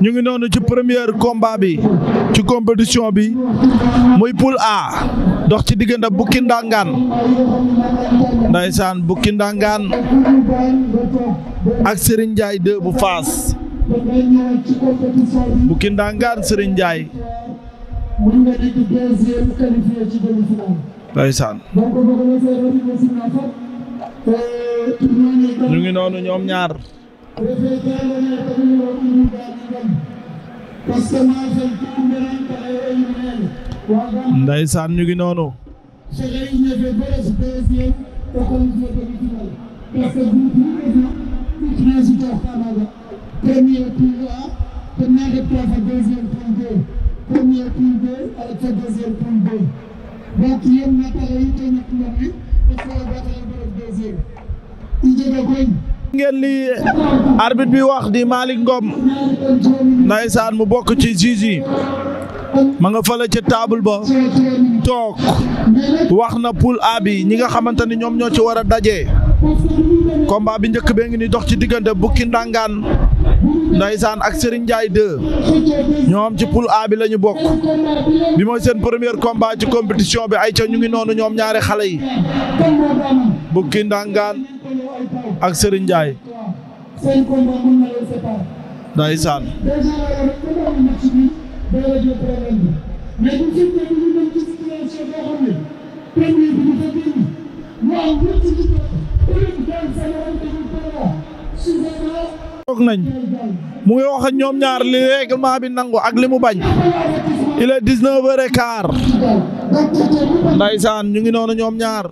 ñu ngi noonu ci premier combat bi ci compétition bi muy poule A dox ci diggante Bukki Ndangaan ndaysaan Bukki Ndangaan ak Serigne bu Faas Bukki Ndangaan Serigne Ndiaye ngi noonu refe ka ando tamit o inum gaɗiɗan parce que mafel ke i mberanta ayo e yim nene waga ndeysaan ñu ngi noonu fexe ine fe boros deuxiéme o comité territorial parce que groupe ina transitoxta maga premier tour a ten na rek twafa deuxiéme tour deux premier tour deux a reta deuxième tour deux donc yen na taxe yite ñak nomne e fo o bataxe boros deuxiéme i jega koy ngeen li arbitre bi wax di Malick Ngom ndaysaan mu bokk ci juge yi ma nga fële ca table ba toog wax na poule A bi ñi nga xamante ni ñoom ñoo ci war a daje combat bi njëkk bee ngi ni dox ci diggante Bukki Ndangaan Ndaysaan ak Serigne Ndiaye 2 ñoom ci poule A bi la bokk bi mooy seen premier combat ci compétition bi ay ca ñu ngi noonu ñoom ñaari xale yi ak Serigne Ndiaye. ndeysaan. toog nañ mu ngi wax ak ñoom ñaar li règlement bi nangu ak li mu bañ il est dix-neuf heures et quart ndeysaan ñu ngi noonu ñoom ñaar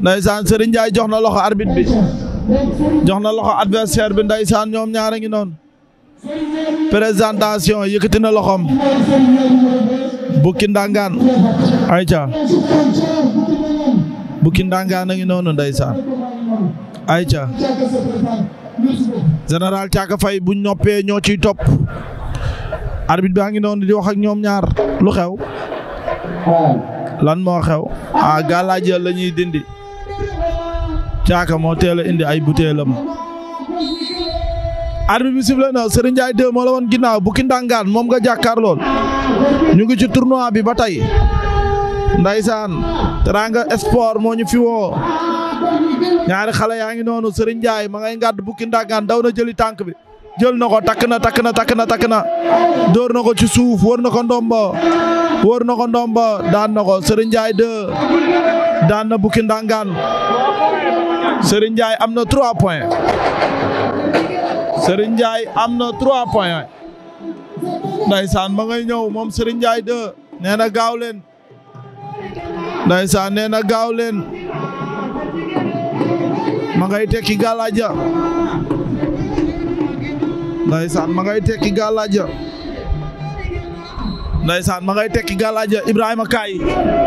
ndaysaan Serigne Ndiaye jox na loxo arbitre bi jox na loxo adversaire bi ndaysaan ñoom ñaara ngi noon présentation yëkkati na loxoom bukki ndangaan ayca bukki ndangaan a ngi noonu ndaysaan ayca général Thiaka Faye bu noppee ñoo ciy topp arbitre baa ngi noonu di wax ak ñoom ñaar lu xew lan moo xew ah gàllaajeel la ñuy dindi caaka moo teel a indi ay butéelam. arbitre bi sifflé na Serigne Ndiaye 2 moo la woon ginnaaw Bouki Ndangaan moom nga jàkkaar ñu ngi ci tournoi bi ba tey ndaysaan Teranga Sport moo ñu fi woo ñaari xale yaa ngi noonu Serigne Ndiaye ma ngay ngàdd Bouki Ndangaan daw na jëli tànk bi jël na ko takk na takk na takk na takk na dóor na ko ci suuf wër na ko ndomba wër na ko ndomba daan na ko Serigne Ndiaye 2 daan na Bouki Ndangaan Serigne am na 3 points Serigne Ndiaye am na 3 points ndaysaan ma ngay ñëw moom Serigne Ndiaye 2 nee na gaaw leen ndaysaan nee na gaaw leen ma ngay tekki gàllaaja ndaysaan ma ngay tekki gàllaaj ndaysaan ma ngay tekki gàllaaj Ibrahima kaay